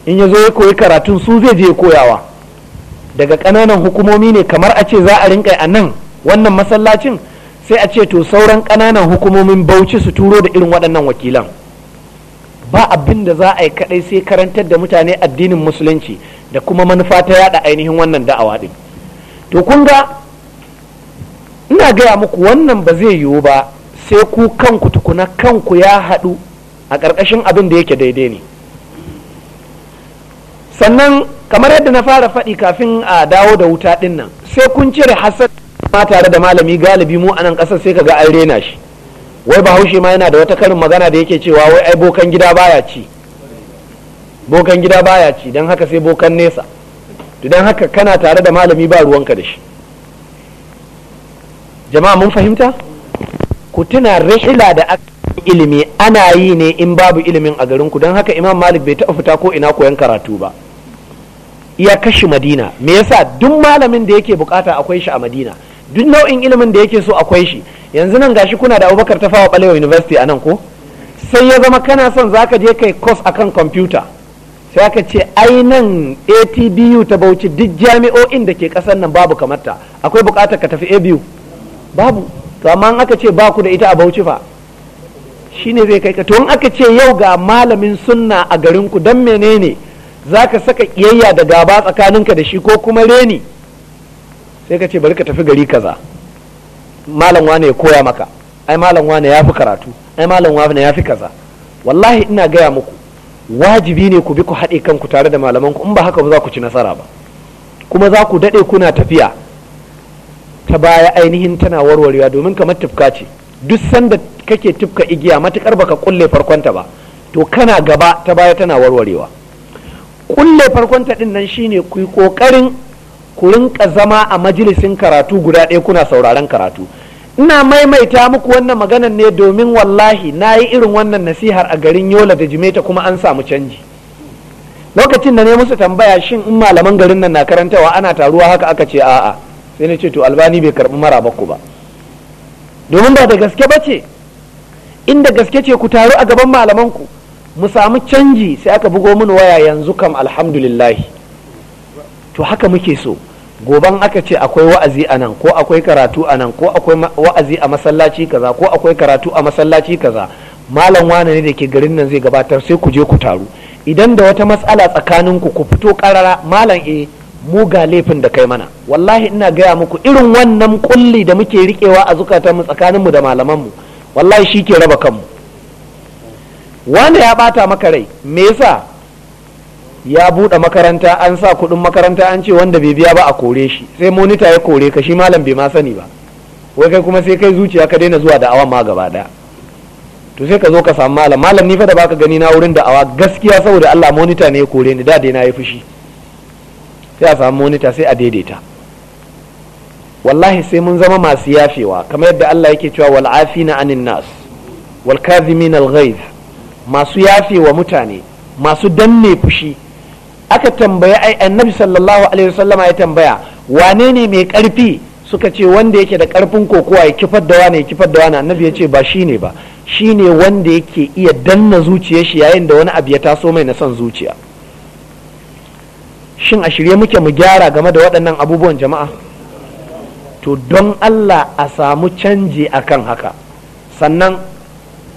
in ya zo ya koyi karatun su zai je koyawa daga ƙananan hukumomi ne kamar a ce za a rinka a nan wannan masallacin sai a ce to sauran ƙananan hukumomin bauchi su turo da irin waɗannan wakilan ba abin da za a yi kaɗai sai karantar da mutane addinin musulunci da kuma manufa ta yada ainihin wannan da'awa ɗin to kun ga ina gaya muku wannan ba zai yiwu ba sai ku kanku tukuna kanku ya haɗu a ƙarƙashin abin da yake daidai ne sannan kamar yadda na fara faɗi kafin a dawo da wuta ɗin nan sai kun cire hasad ma tare da malami galibi mu a nan ƙasar sai ka ga an rena shi wai bahaushe ma yana da wata karin magana da yake cewa wai ai bokan gida baya ci bokan gida baya ci don haka sai bokan nesa don haka kana tare da malami ba ruwanka da shi jama'a mun fahimta ku tuna rihila da ilimi ana yi ne in babu ilimin a garinku don haka imam malik bai taɓa fita ko ina koyan karatu ba ya kashe madina me yasa duk malamin da yake bukata akwai shi a madina duk nau'in ilimin da yake so akwai shi yanzu nan gashi kuna da abubakar ta fawa balewa university a nan ko sai ya zama kana son za ka je kai course akan computer sai aka ce ai nan atbu ta bauchi duk jami'o'in da ke kasar nan babu kamarta akwai bukatar ka tafi abu babu to amma aka ce ba ku da ita a bauchi fa shine zai kai ka to in aka ce yau ga malamin sunna a garin garinku dan menene za ka saka ƙiyayya da gaba tsakaninka da shi ko kuma reni sai ka ce bari ka tafi gari kaza malam wane ya koya maka ai malam wane ya fi karatu ai malam wane ya fi kaza wallahi ina gaya muku wajibi ne ku bi ku haɗe kanku tare da malaman ku in ba haka ba za ku ci nasara ba kuma za ku daɗe kuna tafiya ta baya ainihin tana warwarewa domin kamar tufka ce duk sanda kake tufka igiya matukar baka kulle farkonta ba to kana gaba ta baya tana warwarewa kulle farkon ta din nan shine ku yi kokarin ku rinka zama a majalisin karatu guda ɗaya kuna sauraron karatu ina maimaita muku wannan maganar ne domin wallahi na yi irin wannan nasihar a garin yola da jimeta kuma an samu canji lokacin da ne musu tambaya shin in malaman garin nan na karantawa ana taruwa haka aka ce a'a sai na ce to albani bai karbi mara ku ba domin ba da gaske ba ce inda gaske ce ku taru a gaban malamanku mu samu canji sai aka bugo mini waya yanzu kam alhamdulillahi to haka muke so goban aka ce akwai wa'azi a nan ko akwai karatu a nan ko akwai wa'azi a masallaci kaza ko akwai karatu a masallaci kaza malam wane ne da ke garin nan zai gabatar sai ku je ku taru idan da wata matsala tsakanin ku ku fito karara malam e mu ga laifin da kai mana wallahi ina gaya muku irin wannan kulli da muke riƙewa a zukatanmu tsakaninmu da malamanmu wallahi shi ke raba kanmu wanda ya bata maka rai me yasa ya buɗe makaranta an sa kuɗin makaranta an ce wanda bai biya ba a kore shi sai monita ya kore ka shi malam bai ma sani ba wai kai kuma sai kai zuciya ka daina zuwa da'awa ma gaba daya to sai ka zo ka samu malam malam ni fa da baka gani na wurin da'awa gaskiya saboda Allah monita ne ya kore ni da dai na yi fushi sai a samu monita sai a daidaita wallahi sai mun zama masu yafewa kamar yadda Allah yake cewa wal afina anin nas wal kadhimina al ghaiz masu yafe wa mutane masu danne fushi aka tambaya ai annabi sallallahu alaihi wasallama ya tambaya wane ne mai karfi suka ce wanda yake da karfin kokowa ya kifar da wani ya kifar da wani annabi ya ce ba shine ba shine wanda yake iya danna zuciyar shi yayin da wani abu ya taso mai na son zuciya shin a shirye muke mu gyara game da waɗannan abubuwan jama'a to don Allah a samu canji akan haka sannan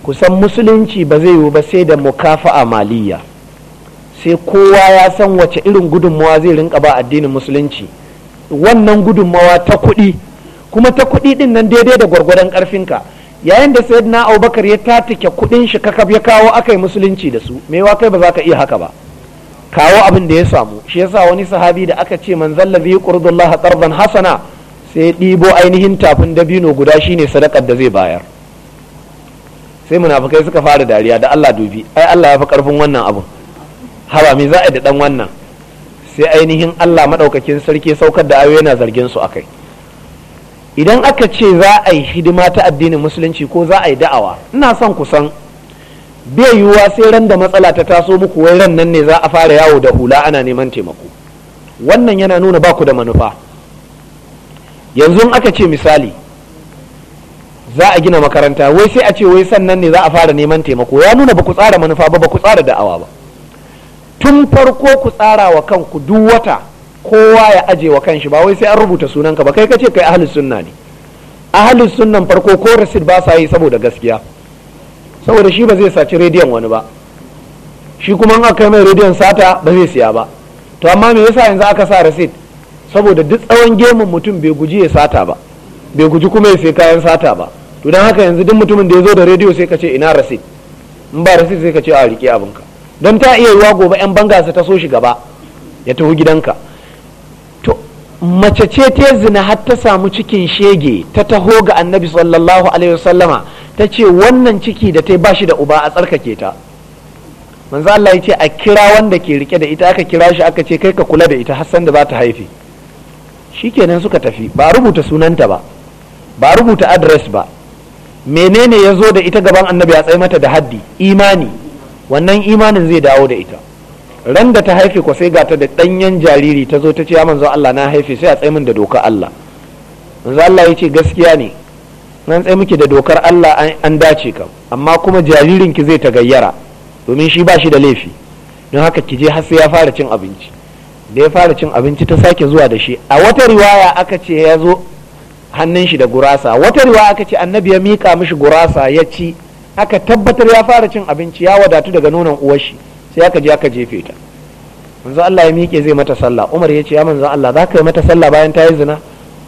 kusan musulunci ba zai yiwu ba sai da mukafa'a maliyya sai kowa ya san wace irin gudunmawa zai rinka ba addinin musulunci wannan gudunmawa ta kuɗi kuma ta kuɗi ɗin nan daidai da gwargwadon ƙarfinka yayin da na abubakar ya tatike kuɗin shi kakab ya kawo aka musulunci da su mewa kai ba za ka iya haka ba kawo abin da ya samu shi yasa wani sahabi da aka ce man zallazi qurdullah qardan hasana sai ɗibo ainihin tafin dabino guda shine sadakar da zai bayar sai munafukai suka fara dariya da Allah dubi ai Allah ya fi karfin wannan abun haba me za a yi dan wannan sai ainihin Allah madaukakin sarki saukar da ayoyi yana zargin su akai idan aka ce za a yi hidima ta addinin musulunci ko za a yi da'awa ina son ku san bai yiwuwa sai ran da matsala ta taso muku wai ran nan ne za a fara yawo da hula ana neman taimako wannan yana nuna ba ku da manufa yanzu aka ce misali za a gina makaranta wai sai a ce wai sannan ne za a fara neman taimako ya nuna ba ku tsara manufa ba ba ku tsara da'awa ba tun farko ku tsara wa kanku duk wata kowa ya aje wa kanshi ba wai sai an rubuta sunanka ba kai kace kai ahlus sunna ne ahlus sunnan farko ko rasid ba sa yi saboda gaskiya saboda shi ba zai saci rediyon wani ba shi kuma in aka mai rediyon sata ba zai siya ba to amma me yasa yanzu aka sa rasid saboda duk tsawon gemun mutum bai guji ya sata ba bai guji kuma ya sai kayan sata ba to don haka yanzu duk mutumin da ya zo da rediyo sai ka ce ina rasit in ba rasit sai ka ce a rike abinka don ta iya yiwa gobe yan banga su taso shi gaba ya taho gidanka to mace ce ta zina har ta samu cikin shege ta taho ga annabi sallallahu alaihi wasallama ta ce wannan ciki da ta ba shi da uba a tsarkake ta manzo Allah ya ce a kira wanda ke rike da ita aka kira shi aka ce kai ka kula da ita har san da za ta haife shikenan suka tafi ba rubuta sunanta ba ba rubuta address ba menene ya zo da ita gaban annabi ya tsaye mata da haddi imani wannan imanin zai dawo da ita ran da ta haife ko gata da ɗanyen jariri ta zo ta ce ya manzo Allah na haife sai a tsaye min da dokar Allah manzo Allah ya ce gaskiya ne nan tsaye miki da dokar Allah an dace kam amma kuma jaririn ki zai ta gayyara domin shi ba shi da laifi don haka ki je har sai ya fara cin abinci da ya fara cin abinci ta sake zuwa da shi a wata riwaya aka ce ya zo hannun shi da gurasa wata riwa aka ce annabi ya mika mishi gurasa ya ci aka tabbatar ya fara cin abinci ya wadatu daga nonon uwar shi sai aka je aka jefe ta manzo Allah ya mike zai mata sallah Umar ya ce ya manzo Allah za ka yi mata sallah bayan ta yi zina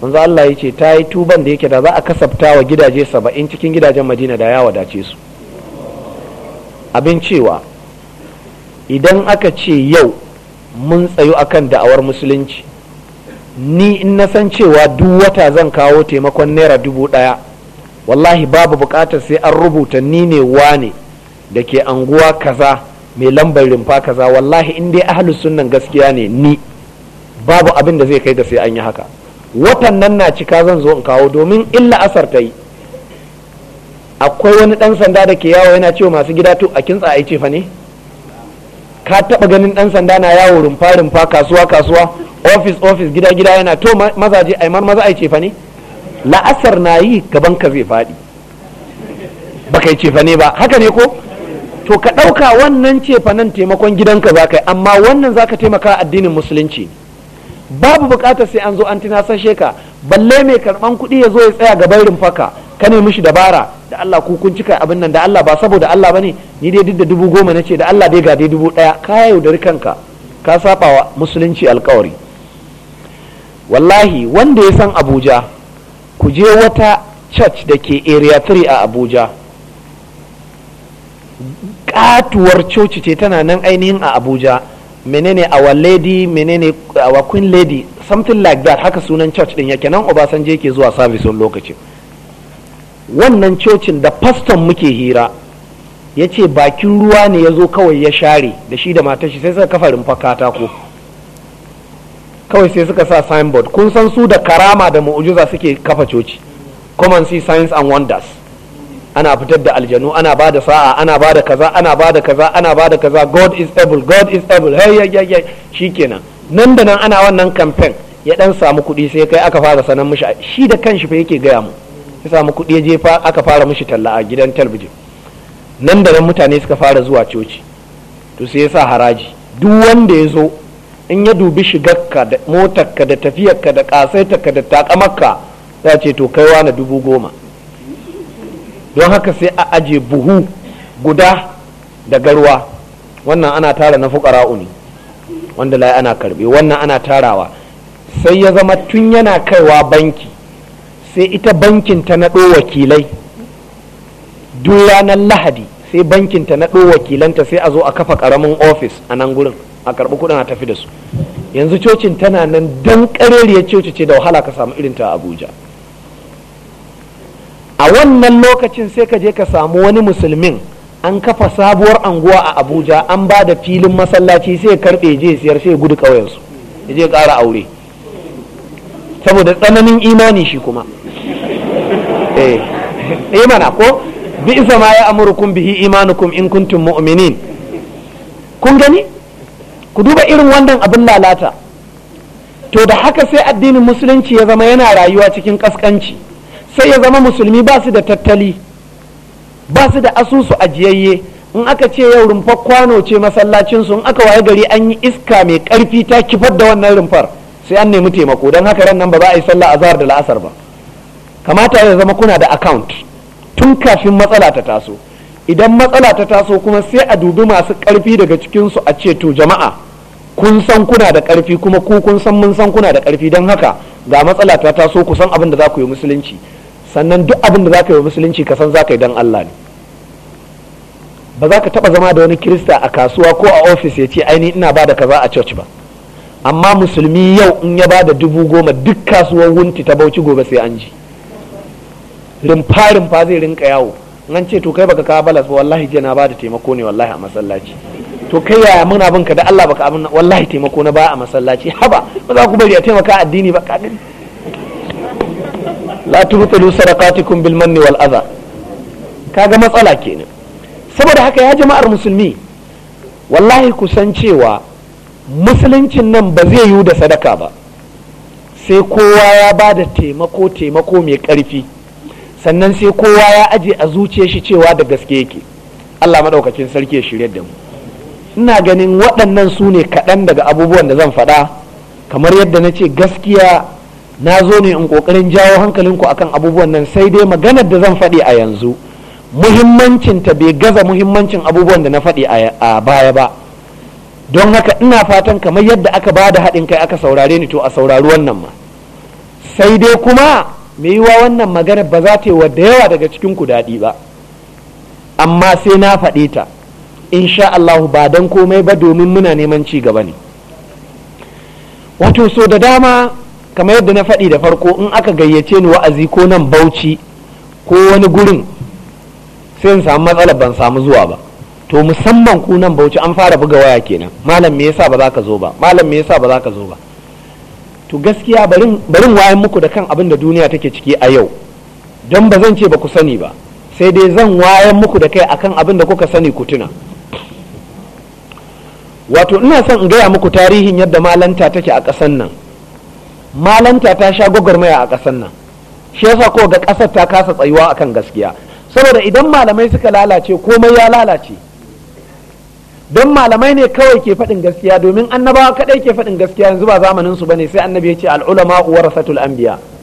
manzo Allah ya ce ta yi tuban da yake da za a kasafta wa gidaje 70 cikin gidajen Madina da ya wadace su abin cewa idan aka ce yau mun tsayu akan da'awar musulunci ni in na san cewa duk wata zan kawo taimakon naira dubu ɗaya wallahi babu buƙatar sai an rubuta ni ne wane da ke anguwa kaza mai lambar rumfa kaza wallahi in dai ahlus sunnan gaskiya ne ni babu abin da zai kai ga sai an yi haka watan nan na cika zan zo in kawo domin illa asar ta yi akwai wani ɗan sanda da ke yawo yana cewa masu gida to a kintsa a ce fa ne ka taɓa ganin ɗan sanda na yawo rumfa rumfa kasuwa kasuwa ofis ofis gida gida yana to mazaje ai mar maza ai cefa ne la'asar na yi gaban ka zai faɗi ba yi cefa ne ba haka ne ko to ka ɗauka wannan cefa nan taimakon gidanka za ka yi amma wannan za ka taimaka addinin musulunci babu bukatar sai an zo an tunasashe ka balle mai karban kuɗi ya zo ya tsaya gaban rumfaka ka nemi shi dabara da Allah ku kun cika abin nan da Allah ba saboda Allah bane ni dai duk da dubu goma nace da Allah dai ga dai dubu ɗaya ka yaudari kanka ka saba wa musulunci alkawari wallahi wanda ya san abuja ku je wata church da ke area 3 a abuja katuwar coci ce tana nan ainihin a abuja menene our lady menene our queen lady something like that haka sunan church din yake nan obasanje yake zuwa service wani lokacin wannan cocin da pastor muke hira ya ce bakin ruwa ne ya zo kawai ya share da shi da matashi sai suka kafa rumfa katako kawai sai suka sa signboard kun san su da karama da mu'ujiza suke kafa coci common see science and wonders ana fitar da aljanu ana ba da sa'a ana ba da kaza ana ba da kaza ana ba da kaza god is able god is able hey hey hey shikenan nan da nan ana wannan campaign ya dan samu kuɗi sai kai aka fara sanan mishi shi da kanshi fa yake gaya mu ya samu kuɗi ya je fa aka fara mishi talla a gidan talbijin nan da nan mutane suka fara zuwa coci to sai ya sa haraji duk wanda ya zo in ya dubi shigarka da motarka da tafiyarka da kasaitarka da takamarka ya ce to kaiwa na dubu goma don haka sai a aje buhu guda da garwa wannan ana tara na fukara uni wanda lai ana karbe wannan ana tarawa sai ya zama tun yana kaiwa banki sai ita bankin ta naɗo wakilai duk ranar lahadi sai bankin ta naɗo wakilanta sai a zo a kafa ƙaramin ofis a nan gurin a karɓi kuɗin a tafi da su yanzu cocin tana nan don ƙareriyar coci ce da wahala ka samu irin ta abuja a wannan lokacin sai ka je ka samu wani musulmin an kafa sabuwar anguwa a abuja an ba da filin masallaci sai karɓe je siyar sai gudu ƙauyensu ya je ƙara aure saboda tsananin imani shi kuma eh imana eh ko bi isa ma ya amurkum bihi imanukum in kuntum mu'minin kun gani ku duba irin wannan abin lalata to da haka sai addinin musulunci ya zama yana rayuwa cikin kaskanci sai ya zama musulmi ba su da tattali ba su da asusu ajiyayye in aka ce yau rumfar kwano ce masallacinsu in aka waye gari an yi iska mai karfi ta kifar da wannan rumfar sai an nemi taimako don haka ran nan ba za a yi sallah azhar da la'asar ba kamata ya zama kuna da account tun kafin matsala ta taso idan matsala ta taso kuma sai a dubi masu karfi daga cikinsu a ce to jama'a kun san kuna da ƙarfi kuma ku kun san mun san kuna da ƙarfi don haka ga matsala ta taso ku san abin da za ku yi musulunci sannan duk abin da za ka yi musulunci ka san za ka yi don Allah ne ba za ka taɓa zama da wani kirista a kasuwa ko a ofis ya ce aini ina ba da kaza a church ba amma musulmi yau in ya ba da dubu goma duk kasuwar wunti ta bauchi gobe sai an ji rimfa rimfa zai rinka yawo an ce to kai baka kawo balas ba wallahi jiya na ba da taimako ne wallahi a masallaci to kai yaya muna bin ka da Allah baka abin wallahi taimako na baya a masallaci haba ba za ku bari a taimaka addini ba kadin la tubtilu sadaqatikum bil manni wal adha kaga matsala kenan saboda haka ya jama'ar musulmi wallahi ku san cewa musuluncin nan ba zai yiwu da sadaka ba sai kowa ya ba da taimako taimako mai karfi sannan sai kowa ya aje a zuciyar shi cewa da gaske yake Allah madaukakin sarki ya shirye da mu ina ganin waɗannan su ne kaɗan daga abubuwan da zan faɗa kamar yadda na ce gaskiya na zo ne in ƙoƙarin jawo hankalinku akan abubuwan nan sai dai maganar da zan faɗi a yanzu muhimmancin ta bai gaza muhimmancin abubuwan da na faɗi a baya ba don haka ina fatan kamar yadda aka ba da haɗin kai aka saurare ni to a saurari wannan ma sai dai kuma me yiwa wannan maganar ba za ta yi wa da yawa daga cikin ku daɗi ba amma sai na faɗe ta insha Allah ba don komai ba domin muna neman ci gaba ne wato so da dama kamar yadda na faɗi da farko in aka gayyace ni wa'azi ko nan bauchi ko wani gurin sai in samu matsalar ban samu zuwa ba to musamman ku nan bauchi an fara buga waya kenan malam me yasa ba za ka zo ba malam me yasa ba za ka zo ba to gaskiya barin wayan muku da kan abin da duniya take ciki a yau don ba zan ce ba ku sani ba sai dai zan wayan muku da kai akan abin da kuka sani ku tuna wato ina son in gaya muku tarihin yadda malanta take a ƙasar nan malanta ta sha gwagwarmaya a ƙasar nan shi yasa ko ga ƙasar ta kasa tsayuwa akan gaskiya saboda idan malamai suka lalace komai ya lalace don malamai ne kawai ke faɗin gaskiya domin annabawa kaɗai ke faɗin gaskiya yanzu ba zamanin su ne sai annabi ya ce al'ulama ulama warasatul anbiya